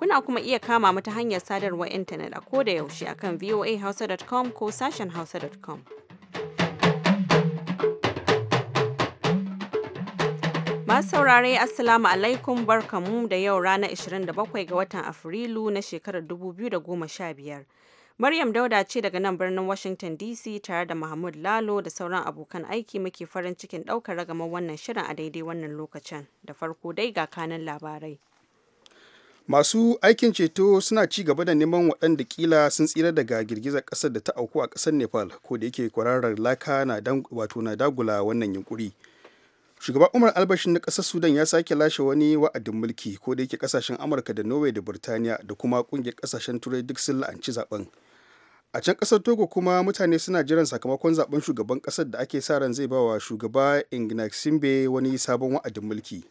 Kuna kuma iya kama mu ta hanyar sadarwa intanet a koda yaushe akan voahausa.com ko sashen hausa.com. Masu saurare Assalamu alaikum barkamu da yau ranar 27 ga watan Afrilu na shekarar 2015. Maryam Dauda ce daga nan birnin Washington DC tare da Mahmud Lalo da sauran abokan aiki muke farin cikin ɗaukar ragamar wannan shirin a daidai wannan lokacin. Da farko dai ga kanan labarai. masu aikin ceto suna ci gaba da neman waɗanda kila sun tsira daga girgizar ƙasar da ta auku a ƙasar nepal ko da yake kwararar laka na wato na dagula wannan yunkuri shugaba umar albashin na ƙasar sudan ya sake lashe wani wa'adin mulki ko da yake ƙasashen amurka da norway da burtaniya da kuma ƙungiyar ƙasashen turai duk sun la'anci zaben a can ƙasar togo kuma mutane suna jiran sakamakon zaben shugaban ƙasar da ake sa ran zai ba wa shugaba ingnaxinbe wani sabon wa'adin mulki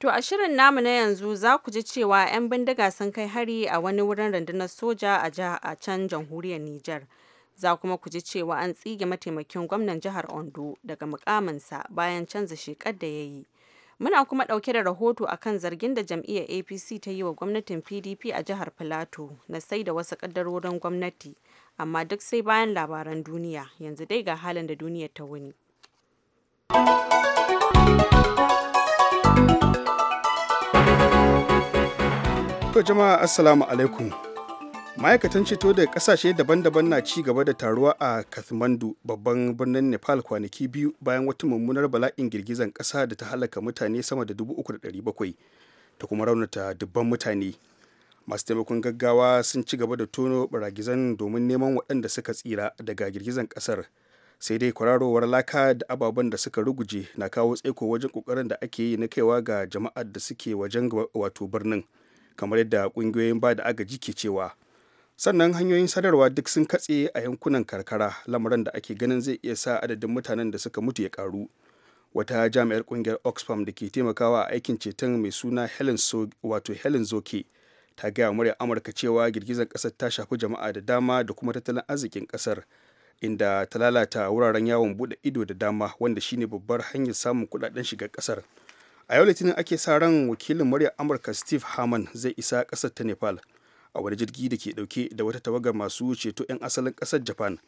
To a shirin namu na yanzu za ku ji cewa 'yan bindiga sun kai hari a wani wurin rundunar soja a can jamhuriyar Nijar. Za kuma ku ji cewa an tsige mataimakin gwamnan jihar Ondo daga mukaminsa bayan canza shekar da ya yi. Muna kuma ɗauke da rahoto a kan zargin da jam'iyyar APC ta yi wa gwamnatin PDP a jihar Filato na sai da wasu ƙaddarorin gwamnati, amma duk sai bayan labaran duniya. Yanzu dai ga halin da duniya ta wuni. To jama'a assalamu alaikum. Ma'aikatan ceto daga kasashe daban-daban na ci gaba da taruwa a Kathmandu babban birnin Nepal kwanaki biyu bayan wata mummunar bala'in girgizan kasa da ta halaka mutane sama da da 3,700 ta kuma raunata dubban mutane. Masu taimakon gaggawa sun ci gaba da tono baragizan domin neman waɗanda suka tsira daga girgizan ƙasar sai dai kwararowar laka da ababen da suka ruguje na kawo tsaiko wajen kokarin da ake yi na kaiwa ga jama'ar da suke wajen wato birnin. kamar yadda kungiyoyin ba da agaji ke cewa sannan hanyoyin sadarwa duk sun katse a yankunan karkara lamarin da ake ganin zai iya sa adadin mutanen da suka mutu ya karu wata jami'ar kungiyar oxfam da ke taimakawa a aikin ceton mai suna helen helen zoke ta gaya murya amurka cewa girgizar kasar ta shafi jama'a da dama da kuma tattalin arzikin kasar inda ta lalata wuraren yawon bude ido da dama wanda shine babbar hanyar samun kudaden shiga kasar a yau litinin ake sa ran wakilin muryar amurka steve harman zai isa ƙasar ta nepal a wani jirgi da ke dauke da wata tawagar masu ceto 'yan asalin kasar japan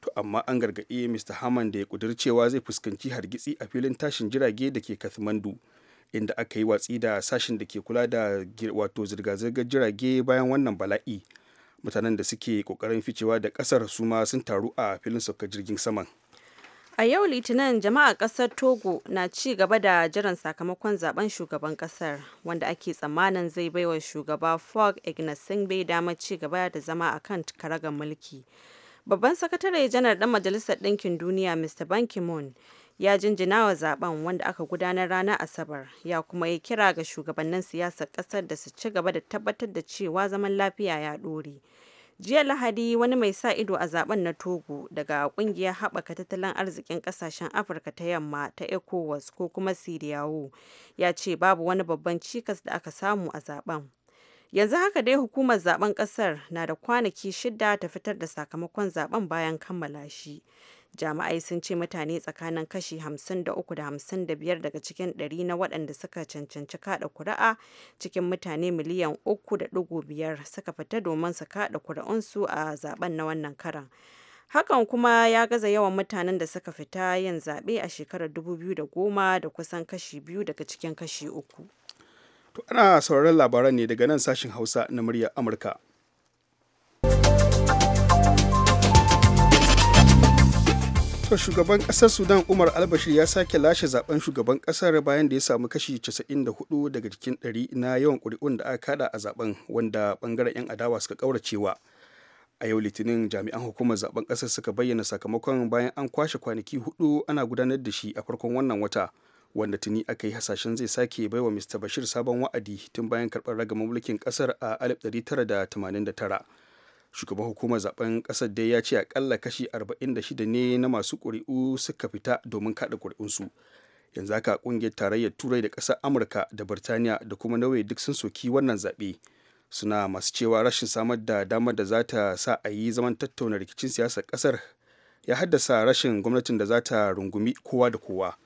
to amma an gargaɗe mr harman da ya cewa zai fuskanci hargitsi a filin tashin jirage da ke kathmandu inda aka yi watsi da sashen da ke kula da wato zirga-zirgar jirage bayan wannan bala'i mutanen da suke kokarin ficewa da kasar su ma sun taru a filin sauka jirgin saman A yau Litinin jama'a ƙasar Togo na ci gaba da jiran sakamakon zaben shugaban ƙasar wanda ake tsammanin zai baiwa shugaba Fog bai dama ci gaba da zama a kan karagar mulki. Babban sakatare janar ɗan Majalisar Ɗinkin Duniya Mr. Ban Ki-moon ya jinjina wa zaben wanda aka gudanar ranar Asabar ya kuma yi kira ga shugabannin siyasar ƙasar da su ci gaba da tabbatar da cewa zaman lafiya ya ɗore. jiya lahadi wani mai sa ido a zaben na togo daga kungiyar haɓaka tattalin arzikin ƙasashen afirka ta yamma ta ecowas ko kuma siriyawo ya ce babu wani babban cikas da aka samu a zaben yanzu haka dai hukumar zaben ƙasar na da kwanaki shida ta fitar da sakamakon zaben bayan kammala shi Jami'ai sun ce mutane tsakanin kashi 53 da 55 daga cikin 100 na waɗanda suka cancanci kada kuri'a cikin mutane miliyan 3.5 suka fita domin su kada kuri'unsu a zaben na wannan karan. Hakan kuma ya gaza yawan mutanen da suka fita yin zaɓe a shekarar 2010 da kusan kashi biyu daga cikin kashi uku. To ana sauraron labaran ne daga nan sashen Hausa na muryar Amurka. To shugaban ƙasar Sudan Umar Albashir ya sake lashe zaben shugaban ƙasar bayan da ya samu kashi 94 daga cikin 100 na yawan kuri'un da aka kada a zaben wanda bangaren 'yan adawa suka kauracewa. A yau Litinin jami'an hukumar zaben ƙasar suka bayyana sakamakon bayan an kwashe kwanaki hudu ana gudanar da shi a farkon wannan wata wanda tuni aka yi hasashen zai sake baiwa Mr. Bashir sabon wa'adi tun bayan karbar ragamar mulkin kasar a 1989. shugaban hukumar zaben kasar dai ya ce akalla kashi 46 ne na masu ƙuri'u suka fita domin kada ƙuri'unsu yanzu haka kungiyar tarayyar turai da kasar amurka da birtaniya da kuma nauyi duk sun soki wannan zaɓe suna masu cewa rashin samar da damar da za ta sa a yi zaman tattauna rikicin siyasar ƙasar ya haddasa rashin gwamnatin da za ta rungumi kowa da kowa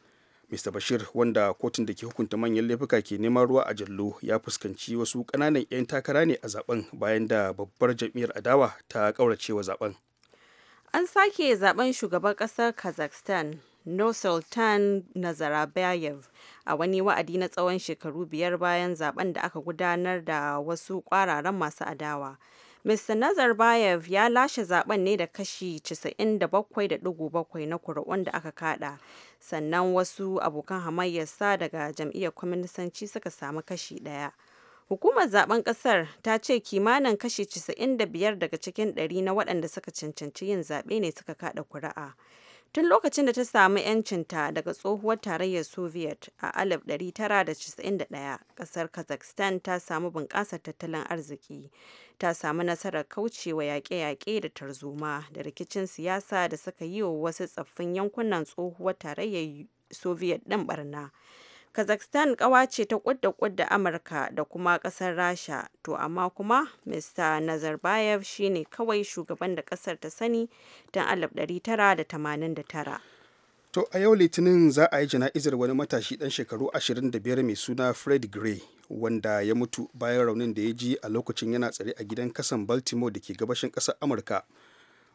mr bashir wanda kotun da ke hukunta manyan laifuka ke neman ruwa a jallo ya fuskanci wasu ƙananan 'yan takara ne a zaben bayan da babbar jam'iyyar adawa ta ƙauracewa zaben an sake zaben shugaban ƙasar kazakhstan no sultan nazarbayev a wani wa'adi na tsawon shekaru biyar bayan zaben da aka gudanar da wasu ƙwararan masu adawa Mr. Nazarbayev ya lashe zaben ne da kashi 97.7 na kuri'un da aka kada, sannan wasu abokan hamayyarsa daga jam'iyyar kwaminisanci suka samu kashi ɗaya. Hukumar zaben Ƙasar ta ce kimanin kashi 95 daga cikin ɗari na waɗanda suka cancanci yin zaɓe ne suka kada kuri'a. Tun lokacin da ta samu 'yancinta daga tsohuwar tarayyar Soviet a 1991, kasar Kazakhstan ta samu bunƙasar tattalin arziki, ta samu nasarar kaucewa yaƙe-yaƙe da tarzoma da rikicin siyasa da suka yi wa wasu tsaffin yankunan tsohuwar tarayyar Soviet ɗin barna. Kazakhstan kawa ce ta kudda kudda Amurka da kuma kasar Rasha, to amma kuma Mr. Nazarbayev shine kawai shugaban da kasar ta sani tun 1989. To a yau litinin za a yi jana'izar wani matashi dan shekaru 25 mai suna Fred Gray wanda ya mutu bayan raunin da ya ji a lokacin yana tsare a gidan kasan Baltimore da ke gabashin kasar Amurka.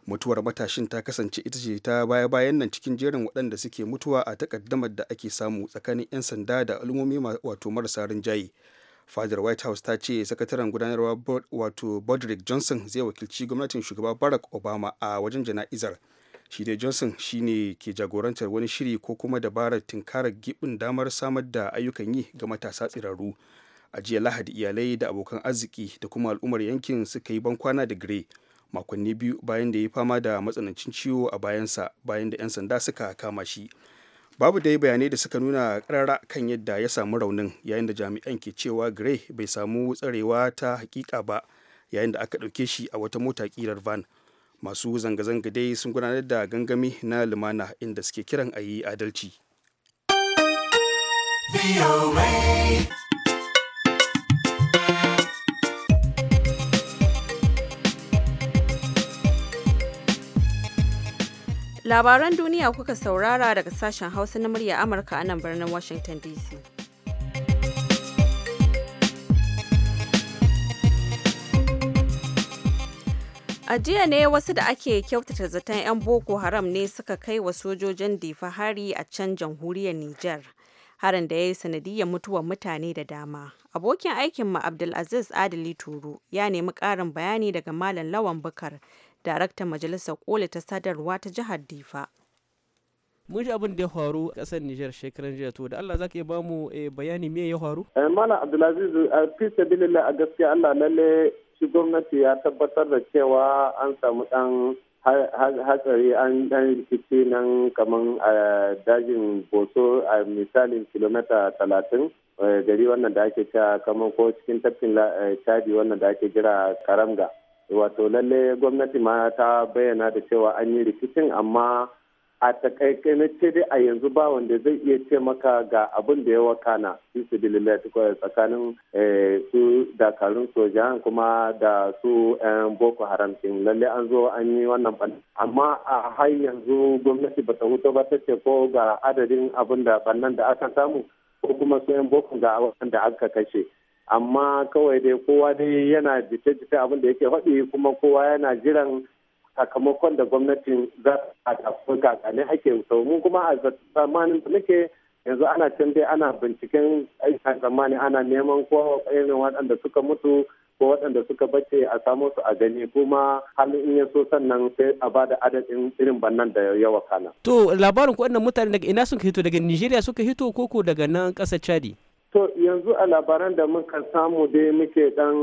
mutuwar matashin ta kasance ita ce ta baya bayan nan cikin jerin waɗanda suke mutuwa a takaddamar da ake samu tsakanin 'yan sanda da al'ummomi wato marasa rinjaye fadar white house ta ce sakataren gudanarwa wato bodrick johnson zai wakilci gwamnatin shugaba barack obama a wajen jana'izar shi dai johnson shine ke jagorantar wani shiri ko kuma dabarar tinkarar gibin damar samar da ayyukan yi ga matasa tsirarru a jiya lahadi iyalai da abokan arziki da kuma al'ummar yankin suka yi bankwana da gray makonni biyu bayan da ya fama da matsanancin ciwo a bayansa bayan da 'yan sanda suka kama shi babu dai bayanai da suka nuna karara kan yadda ya samu raunin yayin da jami'an ke cewa gray bai samu tsarewa ta hakika ba yayin da aka ɗauke shi a wata mota kirar van masu zanga-zanga dai sun gudanar da gangami na lumana inda suke kiran a yi adalci. Labaran duniya kuka saurara daga sashen Hausa na murya Amurka a nan birnin Washington DC. A jiya ne wasu da ake kyautata zaton 'yan Boko Haram ne suka kai wa sojojin difa hari a can jamhuriyar Nijar. Harin da ya yi sanadiyar mutuwar mutane da dama. Abokin aikinmu Abdulaziz Adili Turu ya nemi ƙarin bayani daga Malam Lawan Bukar daraktan majalisar koli ta sadarwa ta jihar difa mun ji abin da ya faru kasar Nijar shekaran jiya to da Allah zaka iya ba mu eh, bayani me ya faru eh, Malam Abdulaziz a eh, fi sabilillah a gaskiya Allah lalle shi gwamnati ya tabbatar da cewa an samu dan hatsari an dan rikici nan kaman a dajin boso a misalin kilomita talatin gari wannan da ake cewa kaman ko cikin tafkin chadi wannan da ake jira karamga wato lalle gwamnati ma ta bayyana da cewa an yi rikicin amma a takaikaice dai a yanzu ba wanda zai iya ce maka ga abin da ya wakana su su tsakanin eh, su dakarun sojan kuma da su yan boko haram din lalle an zo an yi wannan ban amma a har yanzu gwamnati ba ta hutu ba ta ce ko ga adadin abin da bannan da aka samu ko kuma su yan boko ga da aka kashe amma kawai dai kowa ne yana jita-jita abin da yake faɗi kuma kowa yana jiran sakamakon da gwamnatin za a tafi ne ake so mu kuma a zamanin da muke yanzu ana can dai ana binciken aiki zamani ana neman ko irin waɗanda suka mutu ko waɗanda suka bace a samu su a gani kuma halin in ya so sannan sai a ba da adadin irin bannan da yawa kana. To labarin wannan mutane daga ina suka hito daga Nijeriya suka hito koko daga nan ƙasar Chadi? To yanzu a labaran da muka samu da muke dan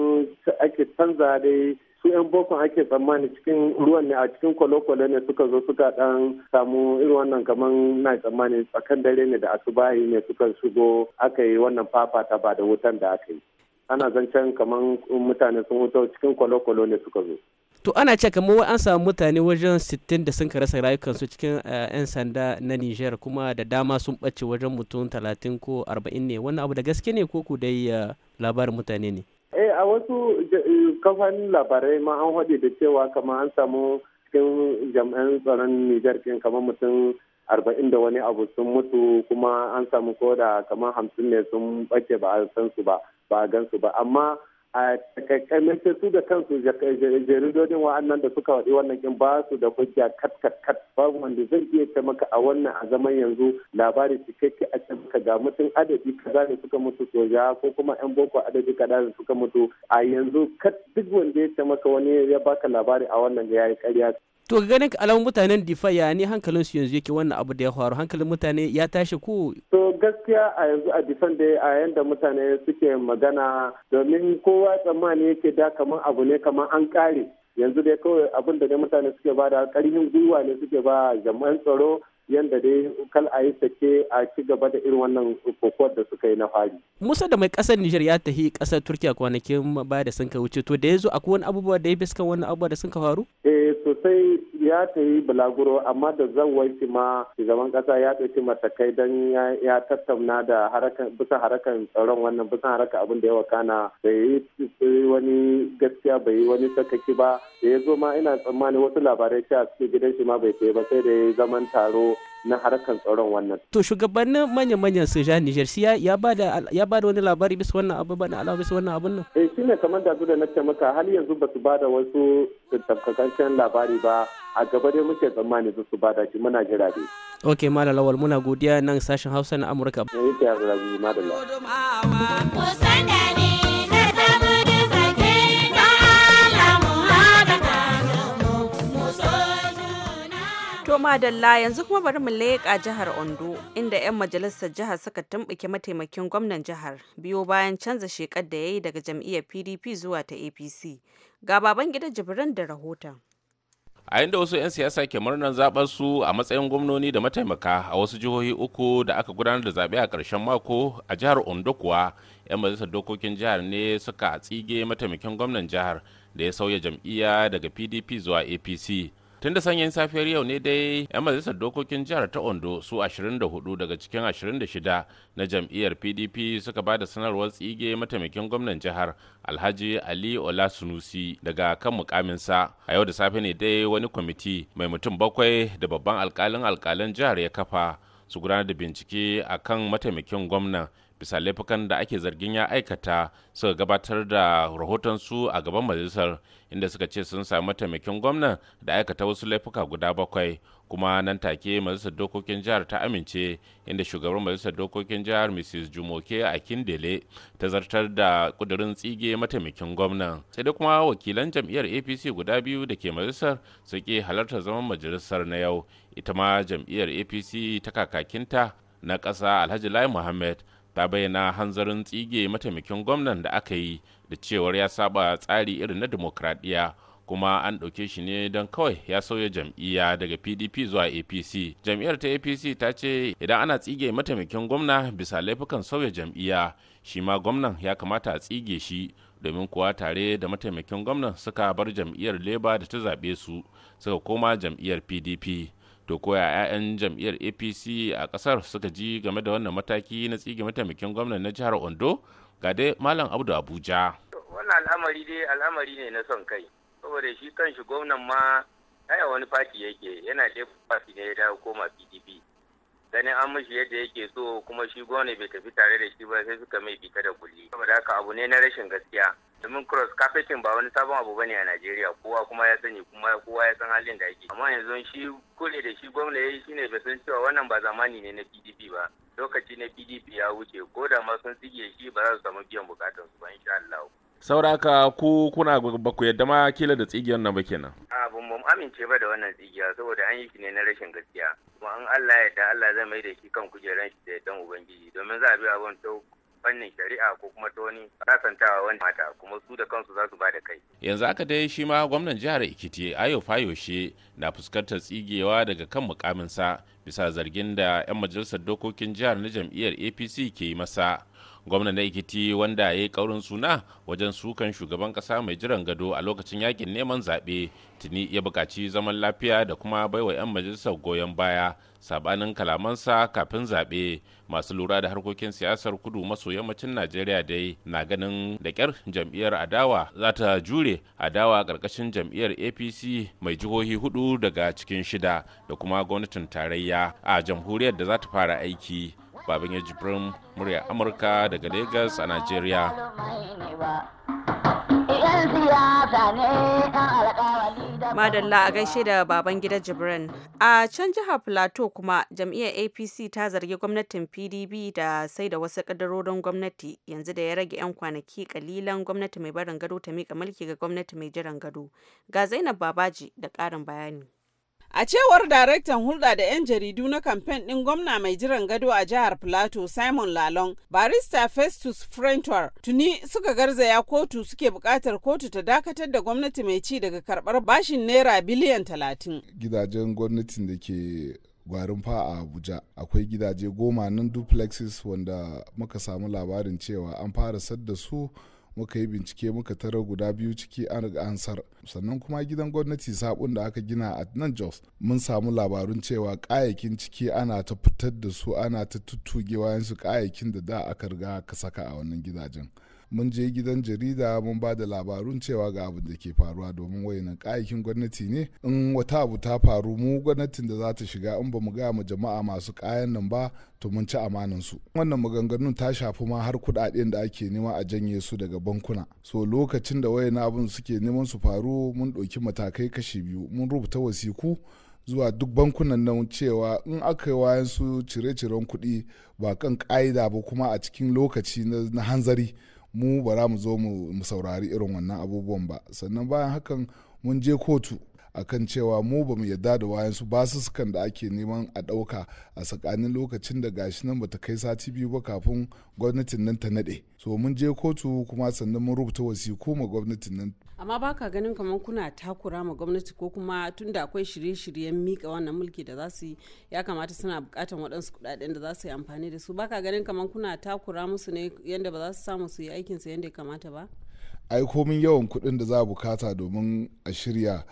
ake canza dai su 'yan boko ake tsammani cikin ruwan ne a cikin kwalokwalo ne suka zo suka dan samu irin wannan kamar na tsammani tsakan dare ne da asubahi ne suka shigo aka yi wannan fafata ba da wutan da aka yi ana zancen kaman mutane sun wuta cikin kwale ne suka zo to ana ce kamar wai an samu mutane wajen 60 da sun rasa rayukansu cikin 'yan eh, sanda na niger kuma da dama sun ɓace wajen mutum 30 ko 40 ne wannan abu da gaske ne ko ku dai eh, labarin mutane ne eh a wasu eh, kafanin labarai ma an haɗe da cewa kamar an samu cikin jam'an tsaron niger ɗin kamar mutum arba'in da wani abu sun mutu kuma an samu koda kamar hamsin ne sun ɓace ba a san su ba ba a gan su ba amma a takaikamance su da kansu jaridodin wa'annan da suka waɗi wannan kin ba su da hujja kat kat kat babu wanda zai iya ce maka a wannan a zaman yanzu labari cikakke a ce maka ga mutum adadi kaza da suka mutu soja ko kuma yan boko adadi kaza da suka mutu a yanzu kat duk wanda ya ce maka wani ya baka labari a wannan da ya yi karya to ga ganin alamun mutanen difa ya ne hankalin su yanzu yake wannan abu da ya faru hankalin mutane ya tashi ko to gaskiya a yanzu a difan da a yanda mutane suke magana domin kowa tsammani yake da kamar abu ne kamar an kare yanzu dai kawai abin da mutane suke ba da karfin gwiwa ne suke ba jama'an tsaro yanda dai kal a yi sake a ci gaba da irin wannan kokowar da suka yi na fari. Musa da mai kasar Nijar ya tafi kasar Turkiya kwanakin baya da sun ka wuce to da ya zo akwai wani abubuwa da ya fi suka wani abubuwa da sun ka faru? Eh to sosai ya ta yi bulaguro amma da zawai ma shugaban kasa ya ɗauki matakai don ya tattauna da bisa harakan tsaron wannan bisa harakan abin da ya wakana bai yi wani gaskiya bai yi wani sakaki ba da ya zo ma ina tsammani wasu labarai a cikin gidan shi ma bai ba sai da ya zaman taro na harkar tsaron wannan. To shugabannin manya-manyan su ja Nijar siya ya ba da wani labari bisa wannan abu ba na alawa bisa wannan abun nan. Eh shine kamar da da nake maka har yanzu ba su ba da wasu tabbataccen labari ba a gaba dai muke tsammani su su ba da shi muna jira dai. Ok malam lawal muna godiya nan sashen Hausa na Amurka. Eh yake ya zurabi malam. To madalla yanzu kuma bari mu leƙa jihar Ondo inda 'yan majalisar jihar suka tumɓuke mataimakin gwamnan jihar biyo bayan canza shekar da ya yi daga jam'iyyar PDP zuwa ta APC. Ga baban gida jibrin da rahoton. a inda wasu 'yan siyasa ke murnar zaben su a matsayin gwamnoni da mataimaka a wasu jihohi uku da aka gudanar da zaɓe a ƙarshen mako a jihar ondo kuwa 'yan majalisar dokokin jihar ne suka tsige mataimakin gwamnan jihar da ya sauya jam'iyya daga pdp zuwa apc tun da sanyin safiyar yau ne dai 'yan majalisar dokokin jihar ta ondo su 24 daga cikin 26 na jam'iyyar pdp suka ba da sanarwar tsige mataimakin gwamnan jihar alhaji ali Ola olasunusi daga kan mukaminsa a yau da safe ne dai wani kwamiti mai mutum bakwai da babban alkalin alkalin jihar ya kafa su gudanar da bincike a kan mataimakin gwamnan bisa laifukan da ake zargin ya aikata suka gabatar da rahotonsu a gaban majalisar inda suka ce sun sami mataimakin gwamnan da aikata wasu laifuka guda bakwai kuma nan take majalisar dokokin jihar ta amince inda shugaban majalisar dokokin jihar mrs jumoke a kindele ta zartar da kudurin tsige mataimakin gwamnan sai dai kuma wakilan jam'iyyar apc guda biyu da ke majalisar su ke halartar zaman majalisar na yau ita ma jam'iyyar apc ta kakakinta na ƙasa alhaji lai muhammad ta bayyana hanzarin tsige mataimakin gwamnan da aka yi da cewar ya saba tsari irin na demokradiyya kuma an ɗauke shi ne don kawai ya sauya jam'iyya daga pdp zuwa apc jam'iyyar ta apc ta ce idan ana tsige mataimakin gwamna bisa laifukan sauya jam'iyya shi ma gwamnan ya kamata a tsige shi domin kuwa tare da mataimakin gwamnan suka bar jam'iyyar leba da ta zaɓe su suka koma jam'iyyar pdp to koya 'ya'yan jam'iyyar apc a kasar suka ji game da wannan mataki na tsige mataimakin gwamnan na jihar ondo ga dai malam abdu abuja wannan al'amari dai al'amari ne na son kai saboda shi kan shi gwamnan ma haya wani fati yake yana da fati ne ya dawo koma pdp ganin an mishi yadda yake so kuma shi gwamna bai tafi tare da shi ba sai suka mai bita da kulli saboda haka abu ne na rashin gaskiya domin cross carpeting ba wani sabon abu bane a Najeriya kowa kuma ya sani kuma kowa ya san halin da ake amma yanzu shi kule da shi gwamna yayi shine bai san cewa wannan ba zamani ne na PDP ba lokaci na PDP ya wuce ko da ma sun sige shi ba za su samu biyan bukatun su ba insha Allah sauraka ku kuna ba ku yadda ma kila da tsigiyar nan ba kenan a ban mu amince ba da wannan tsigiya saboda an yi shi ne na rashin gaskiya kuma an Allah ya da Allah zai mai da shi kan kujeran shi da dan ubangiji domin za a bi abun ta fannin shari'a ko kuma ta wani rasantawa wani mata kuma su da kansu za su ba da kai. Yanzu aka dai shi ma gwamnan jihar Ekiti Ayo Fayoshe na fuskantar tsigewa daga kan mukaminsa bisa zargin da 'yan majalisar dokokin jihar na jam'iyyar APC ke yi masa. gwamnan na ikiti wanda ya yi kaurin suna wajen sukan shugaban kasa mai jiran gado a lokacin yakin neman zaɓe tuni ya buƙaci zaman lafiya da kuma baiwa 'yan majalisar goyon baya sabanin kalamansa kafin zaɓe masu lura da harkokin siyasar kudu maso yammacin najeriya dai na ganin da ƙyar jam'iyyar adawa za ta jure adawa ƙarƙashin jam'iyyar apc mai jihohi hudu daga cikin shida da kuma gwamnatin tarayya a jamhuriyar da za ta fara aiki baban ya jibrin murya amurka daga lagos a nigeria madalla a gaishe da baban gida jibrin a can jihar plateau kuma jam'iyyar apc ta zargi gwamnatin pdp da sai da wasu kadarorin gwamnati yanzu da ya rage 'yan kwanaki kalilan gwamnati mai barin gado ta mika mulki ga gwamnati mai jiran gado ga zainab babaji da ƙarin bayani A cewar daraktan hulɗa da 'yan jaridu na kamfen ɗin gwamna mai jiran gado a jihar Plateau Simon lalon barista Festus Frentor tuni suka garzaya kotu suke buƙatar kotu ta dakatar da gwamnati mai ci daga karɓar bashin naira biliyan talatin. Gidajen gwamnatin da ke gwarin fa a abuja akwai gidaje goma nan duplexes wanda muka samu labarin cewa an fara sadda su muka yi bincike muka tara guda biyu ciki an riga ansar sannan kuma gidan gwamnati sabon da aka gina a nan jos mun samu labarun cewa kayakin ciki ana ta fitar da su ana ta tuttuge yansu kayakin da da aka riga ka saka a wannan gidajen mun je gidan jarida mun ba da labarun cewa ga abin da ke faruwa domin wayannan kayakin gwamnati ne in wata abu ta faru mu gwamnatin da za ta shiga in ba mu ga mu jama'a masu kayan nan ba to mun ci su wannan maganganun ta shafi ma har kudaden da ake nema a janye su daga bankuna so lokacin da wayannan abin suke neman su faru mun ɗauki matakai kashi biyu mun rubuta wasiku zuwa duk bankunan nan cewa in aka yi wayan su cire-ciren kuɗi ba kan ƙa'ida ba kuma a cikin lokaci na hanzari mu ba za mu zo mu saurari irin wannan abubuwan ba sannan bayan hakan mun je kotu akan cewa mu ba mu yadda da wayansu sukan da ake neman a ɗauka a tsakanin lokacin da gashi nan bata kai sati biyu ba kafin gwamnatin nan ta naɗe so mun je kotu kuma sannan mun rubuta wasiku ma gwamnatin nan amma ba ka ganin kamar kuna takura ma gwamnati ko kuma tunda akwai shirye-shiryen mika wannan mulki da za su yi ya kamata suna bukatan waɗansu kuɗaɗen da za su yi amfani da su ba ka ganin kamar kuna takura musu ne yadda ba za su samu su yi aikinsu yadda ya kamata ba ai komin yawan kuɗin da za a bukata domin a shirya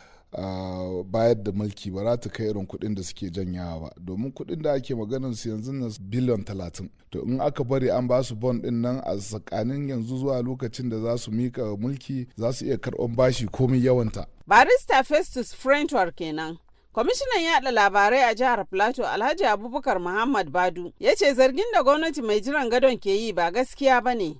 bayar da mulki ba za ta kai irin kuɗin da suke janyawa ba domin kuɗin da ake maganar su yanzu na biliyan talatin to in aka bari an ba su bon ɗin nan a tsakanin yanzu zuwa lokacin da za su mika mulki za su iya karɓar bashi komai yawanta. barista festus frentwar kenan kwamishinan yada labarai a jihar plateau alhaji abubakar muhammad badu ya ce zargin da gwamnati mai jiran gadon ke yi ba gaskiya ba ne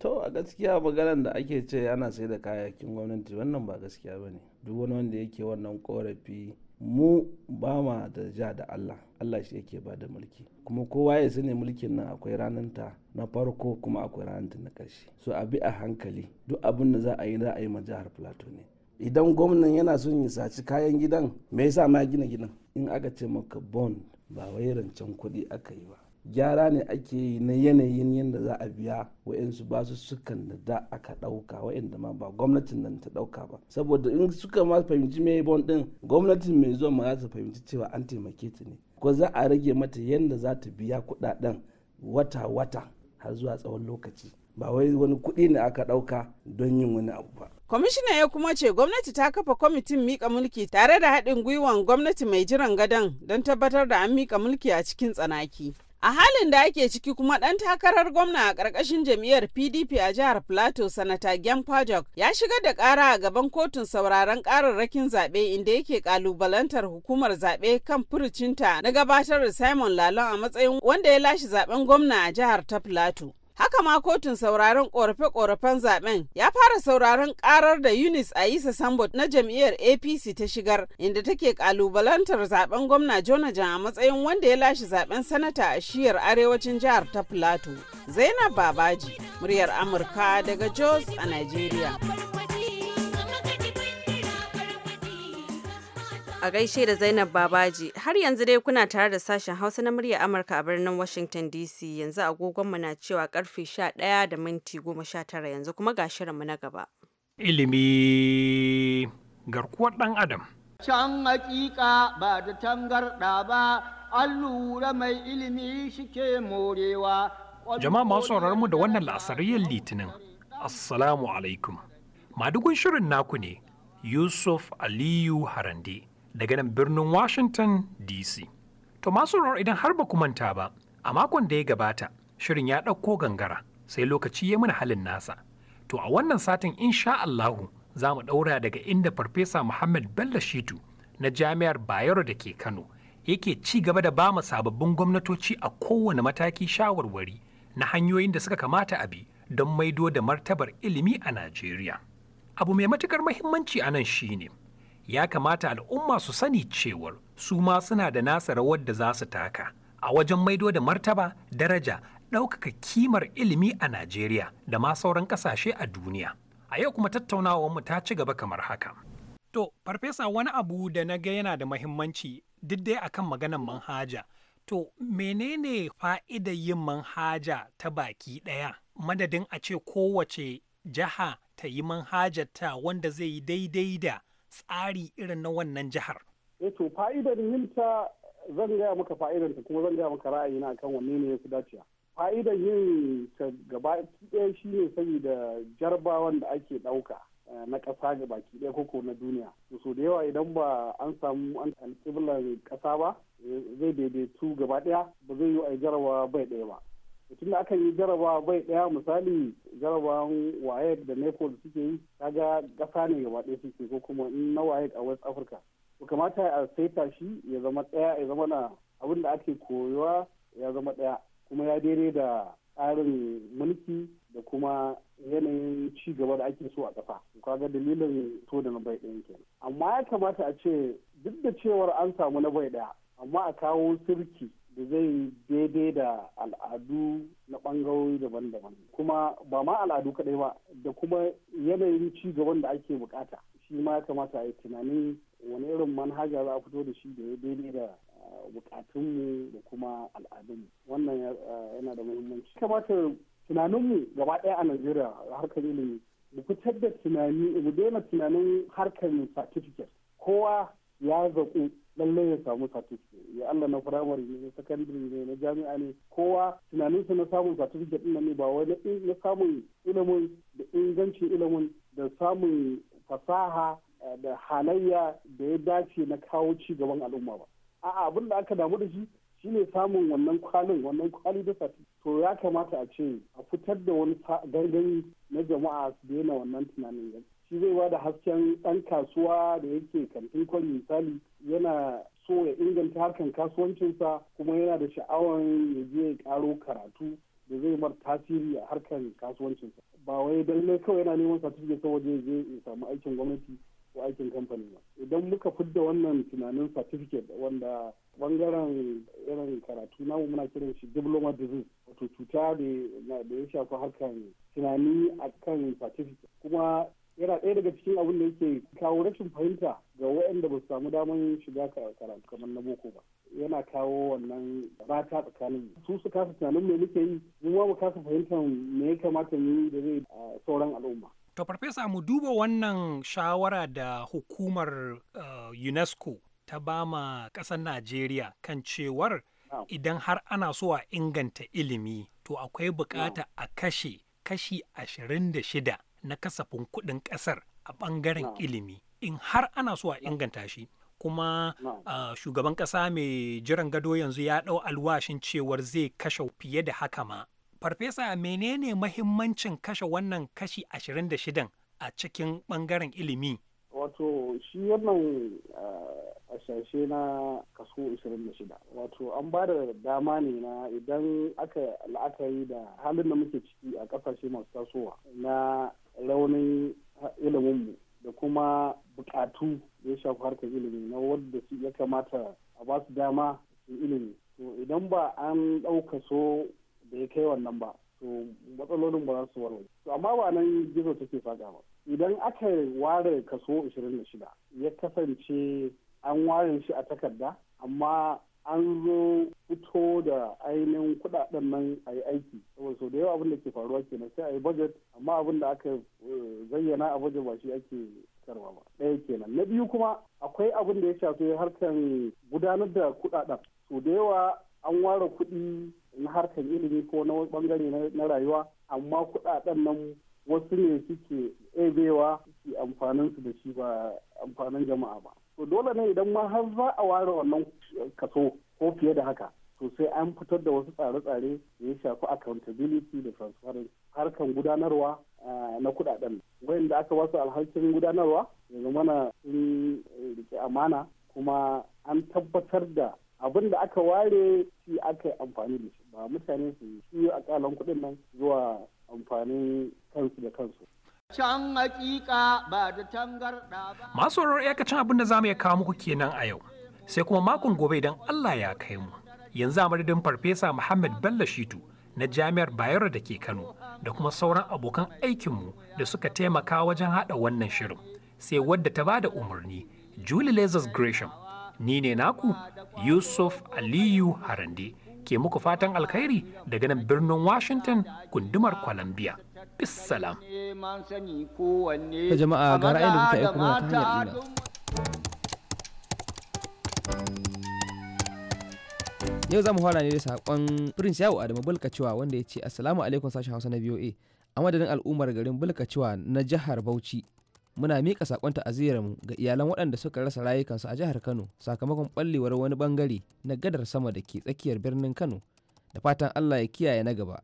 to a gaskiya maganar da ake ce ana sai da kayakin gwamnati wannan ba gaskiya ba ne duk wani wanda yake wannan korafi mu ba ma da ja da allah allah shi yake ba da mulki kuma kowa ya sani mulkin nan akwai rananta na farko kuma akwai rananta na ƙarshe so a bi a hankali duk abin da za a yi za a yi ma jihar plateau ne idan gwamnan yana son ya saci kayan gidan me yasa ma gina gidan in aka ce maka bond ba wai rancen kuɗi aka yi ba gyara ne ake yi na yanayin yadda za a biya wa'yansu su sukan da da aka ɗauka wa'yanda ma ba gwamnatin nan ta ɗauka ba saboda in suka ma fahimci me bon din gwamnatin mai zuwa ma za ta fahimci cewa an taimake ta ne ko za a rage mata yadda za ta biya kuɗaɗen wata-wata har zuwa tsawon lokaci ba wai wani kuɗi ne aka ɗauka don yin wani abu ba. Kwamishina ya kuma ce gwamnati ta kafa kwamitin mika mulki tare da haɗin gwiwan gwamnati mai jiran gadon don tabbatar da an mika mulki a cikin tsanaki. A halin da ake ciki kuma ɗan takarar gwamna a ƙarƙashin jam'iyyar PDP a jihar Plateau sanata Gen. Pajok ya shigar da ƙara a gaban kotun sauraron ƙararrakin zaɓe inda yake ƙalubalantar hukumar zaɓe kan furucinta na gabatar da Simon Lalon a matsayin wanda ya lashe zaɓen gwamna a jihar ta Plateau. Haka ma kotun sauraron korafe-korafen zaben ya fara sauraron karar da Yunis Aisa Sambo na jam'iyyar APC ta shigar inda take kalubalantar zaben gwamna Jonathan a matsayin wanda ya lashe zaben sanata a shiyar arewacin jihar ta Plateau. Zainab Babaji, muryar Amurka daga Jos a Najeriya. a gaishe da Zainab Babaji. Har yanzu dai kuna tare da sashen Hausa na murya Amurka a birnin Washington DC. Yanzu agogonmu na cewa karfe 11 da minti 19 yanzu kuma ga shirinmu na gaba. Ilimi garkuwar ɗan Adam. Can hakika ba da tangarɗa ba, allura mai ilimi shike morewa. Jama'a masu mu da wannan la'asariyar litinin. Assalamu alaikum. Madugun shirin naku ne, Yusuf Aliyu Harande. daga nan birnin Washington DC. To masu idan har ba ku manta ba, a makon da ya gabata, shirin ya ɗauko gangara sai lokaci ya mana halin nasa. To a wannan satin insha Allahu za mu ɗaura daga inda Farfesa Muhammad Bello Shitu na Jami'ar Bayero da ke Kano yake ci gaba da bama sababbin gwamnatoci a kowane mataki shawarwari na hanyoyin da suka kamata a bi don maido da martabar ilimi a Najeriya. Abu mai matukar muhimmanci a nan shine ya kamata al'umma su sani cewar su ma suna da nasa rawar da za su taka a wajen maido da martaba daraja ɗaukaka kimar ilimi a najeriya da ma sauran ƙasashe a duniya a yau kuma tattaunawarmu ta ci gaba kamar haka to farfesa wani abu da na ga yana da mahimmanci duk dai akan maganar manhaja to menene fa'idar yin manhaja ta baki ɗaya madadin a ce kowace jiha ta yi manhajarta wanda zai yi daidai da tsari irin na wannan jihar? Eto eh fa'idar yin ta zan gaya maka fa'idar ta kuma zan gaya maka ra'ayi na kan wanne ne ya fi dacewa. Fa'idar yin ta gaba ɗaya shi ne saboda jarbawan da ake ɗauka. Eh, na ƙasa ga baki ɗaya koko na duniya so da yawa idan ba an samu an alƙiblar ƙasa ba eh, zai daidaitu gaba ɗaya ba zai yi a jarawa bai ɗaya ba tunda aka yi jarabawa bai daya misali jarabawan waye da nepal suke yi kaga kasa ne gaba ɗaya suke ko kuma in na wayek a west africa to kamata a saita shi ya zama ɗaya ya zama na abin da ake koyuwa ya zama ɗaya kuma ya daidai da tsarin mulki da kuma yanayin ci gaba da ake so a ƙasa kaga dalilin to da na bai ɗaya kenan amma ya kamata a ce duk da cewar an samu na bai ɗaya amma a kawo sirki da zai daidai da al'adu na ɓangarori daban-daban kuma ba ma al'adu kaɗai ba da kuma yanayin ci gaban da ake bukata shi ma ya kamata a yi tunanin wani irin manhaja za a fito da shi da ya daidai da uh, bukatunmu da kuma al'adunmu wannan uh, yana da muhimmanci kamata tunaninmu gaba ɗaya a najeriya harkar ilimi mu fitar da tunani mu daina tunanin harkar certificate kowa ya zaƙu lallai ya samu certificate ya Allah na firamare ne na secondary ne na jami'a ne kowa tunanin tunaninsa na samun certificate ɗin ne ba wai na samun ilimin da ingancin ilimin da samun fasaha eh, da halayya da ya dace na kawo ci gaban al'umma ba a'a abin da aka damu da shi ne samun wannan kwalin wannan kwali da to ya kamata a ce a fitar da wani gangami na jama'a su daina wannan tunanin shi zai ba da hasken ɗan kasuwa da yake kantin kwari misali yana so ya inganta harkan kasuwancinsa kuma yana da sha'awan ya je ya karo karatu da zai mar tasiri a harkan kasuwancinsa ba wai ne kawai yana neman satifiket saboda waje je ya samu aikin gwamnati ko aikin kamfani ba idan muka fidda wannan tunanin satifiket wanda bangaren irin karatu namu muna kiran shi diploma disease wato cuta da ya shafi harkar tunani akan certificate kuma yana ɗaya daga cikin abin da yake kawo rashin fahimta ga waɗanda ba su samu damar shiga karatu kamar na boko ba yana kawo wannan rata tsakanin su su kasa tunanin me muke yi mu mu kasa fahimtar me ya kamata mu yi da zai sauran al'umma to farfesa mu duba wannan shawara da hukumar eh, UNESCO ta bama ƙasar Najeriya kan cewar idan har ana so a inganta ilimi to akwai bukata a kashe kashi ashirin da shida na kasafin kuɗin ƙasar a ɓangaren ilimi in har ana so a inganta shi kuma uh, shugaban ƙasa mai jiran gado yanzu ya ɗau alwashin cewar zai kashe fiye da haka ma farfesa menene mahimmancin kashe wannan kashi 26 a cikin ɓangaren ilimi wato shi wannan ah, a na kaso 26 wato an ba da dama ne na idan aka la'akari da halin da muke ciki a kasashe masu tasowa na raunin iliminmu da kuma bukatu ya shafi harkar ilimi na wadda ya kamata a ba su dama su ilimi to idan ba an ɗauka so da ya kai wannan ba to matsalolin ba za su warware to amma ba nan gizo take faɗa ba idan aka ware kaso 26 ya kasance an ware shi a takarda amma an zo fito da ainihin kudaden nan a yi aiki saboda sau da yawa abin da ke faruwa kenan sai a yi budget amma abin da aka eh, zayyana a budget ba shi ake karwa ba ɗaya kenan na biyu kuma akwai abin da ya shafi harkar gudanar da kudaden sau da yawa an ware kuɗi na harkar ilimi ko na bangare na rayuwa amma kudaden nan wasu ne suke ebewa suke amfanin su da shi ba amfanin jama'a ba to dole ne idan ma har za a ware wannan kaso ko fiye da haka to sai an fitar da wasu tsare-tsare da ya shafi accountability da transparency harkan gudanarwa na kudaden da aka wasu alhakin gudanarwa yanzu mana sun rike amana kuma an tabbatar da abin da aka ware shi aka yi amfani da shi ba mutane su yi a kalan kuɗin nan zuwa amfanin kansu da kansu Can hakika ba Masu sauraro iyakacin abin da za mu iya kawo muku kenan a yau. Sai kuma makon gobe idan Allah ya kai mu. Yanzu a madadin Farfesa Muhammad Bello Shitu na Jami'ar Bayero da ke Kano da kuma sauran abokan aikinmu da suka taimaka wajen haɗa wannan shirin. Sai wadda ta bada umarni, Julie Lazarus Gresham. Ni ne naku Yusuf Aliyu Harande. ke muku fatan alkhairi daga nan birnin Washington gundumar Columbia. bisalam jama'a ga ra'ayin da kuka aiko ta hanyar ina yau za mu fara ne da saƙon prince yawo adamu bulkacewa wanda ya ce assalamu alaikum sashen hausa na voa a madadin al'ummar garin bulkacewa na jihar bauchi muna miƙa saƙon mu ga iyalan waɗanda suka rasa rayukansu a jihar kano sakamakon ɓallewar wani ɓangare na gadar sama da ke tsakiyar birnin kano da fatan allah ya kiyaye na gaba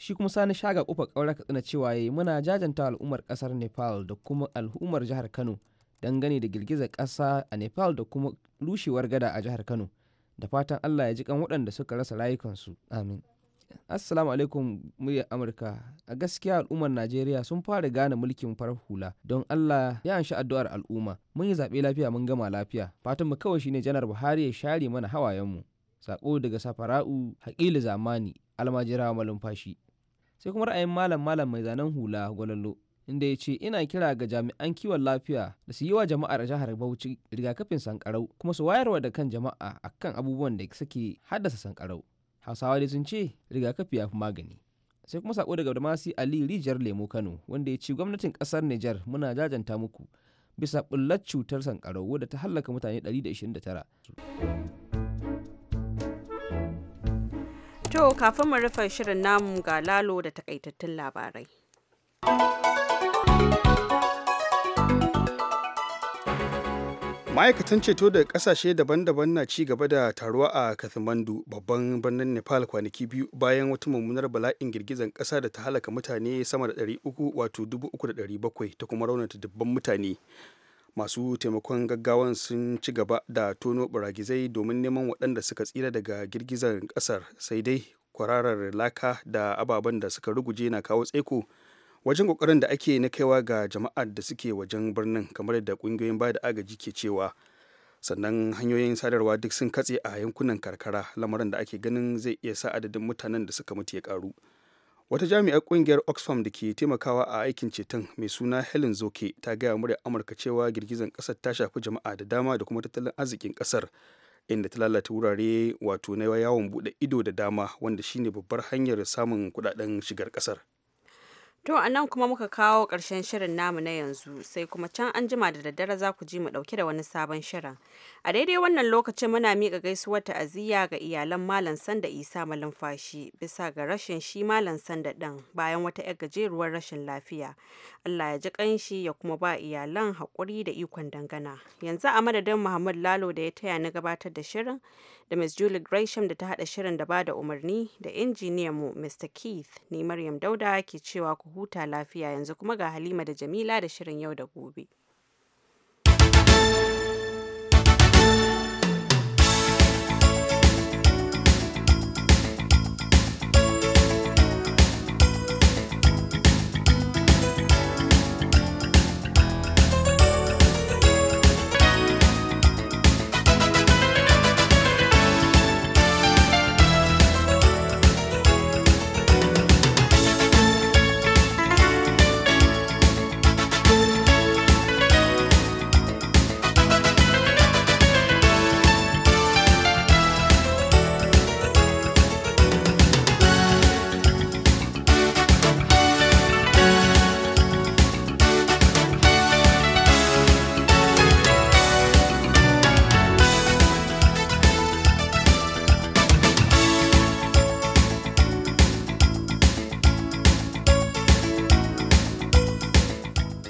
shi kuma sani shaga kofar ka katsina cewa yayi muna jajanta al'ummar kasar nepal da kuma al'ummar jihar kano dangane da girgizar kasa a nepal da kuma rushewar gada a jihar kano da fatan allah ya ji kan waɗanda suka rasa rayukansu amin assalamu alaikum muryar amurka a gaskiya al'ummar najeriya sun fara gane mulkin farar hula don allah ya anshi addu'ar al'umma mun yi zaɓe lafiya mun gama lafiya fatan mu kawai shine janar buhari ya share mana hawayenmu sako daga safara'u haƙili zamani almajira malumfashi sai kuma ra'ayin malam malam mai zanen hula gwalallo inda ya ce ina kira ga jami'an kiwon lafiya da su yi wa jama'ar jihar bauchi rigakafin sankarau kuma su wayarwa da kan jama'a akan abubuwan da suke haddasa sankarau hausawa dai sun ce rigakafi ya fi magani sai kuma sako daga damasi ali rijiyar lemo kano wanda ya ce gwamnatin kasar niger muna jajanta muku bisa bullar cutar sankarau wadda ta hallaka mutane 129 To kafin mu rufe shirin namu ga lalo da takaitattun labarai. ma'aikatan ceto da kasashe daban-daban na ci gaba da taruwa a kathmandu babban birnin nepal kwanaki biyu bayan wata mummunar bala'in girgizan kasa da ta halaka mutane sama da 300 wato 3,700 ta kuma raunata dubban mutane masu taimakon gaggawan sun ci gaba da tono baragizai domin neman waɗanda suka tsira daga girgizar ƙasar sai dai kwararar laka da ababen da suka ruguje na kawo tsaiko wajen kokarin da ake na kaiwa ga jama'ar da suke wajen birnin kamar yadda kungiyoyin bada agaji ke cewa sannan hanyoyin sadarwa duk sun katse a yankunan karkara lamarin da ake ganin zai iya sa adadin mutanen da suka mutu ya karu wata jami'ar kungiyar oxfam da ke taimakawa a aikin ceton mai suna helen zoke ta gaya murya amurka cewa girgizan kasar ta shafi jama'a da dama da kuma tattalin arzikin kasar inda ta lalata wurare wato na yawon bude ido da dama wanda shine babbar hanyar samun kudaden shigar kasar To a nan kuma muka kawo ƙarshen shirin namu na yanzu sai kuma can an jima da daddare za ku ji mu ɗauke da wani sabon shirin. A daidai wannan lokacin muna miƙa gaisuwar ta'aziyya ga iyalan Malam Sanda Isa Malumfashi bisa ga rashin shi Malam Sanda ɗin bayan wata 'yar gajeruwar rashin lafiya. Allah ya ji ƙanshi ya kuma ba iyalan haƙuri da ikon dangana. Yanzu a madadin Muhammad Lalo da ya taya ni gabatar da shirin da Ms. Julie Gresham da ta haɗa shirin da bada umarni da injiniyan mu Mr. Keith ne Maryam Dauda ke cewa ku huta lafiya yanzu kuma ga Halima da Jamila da shirin yau da gobe.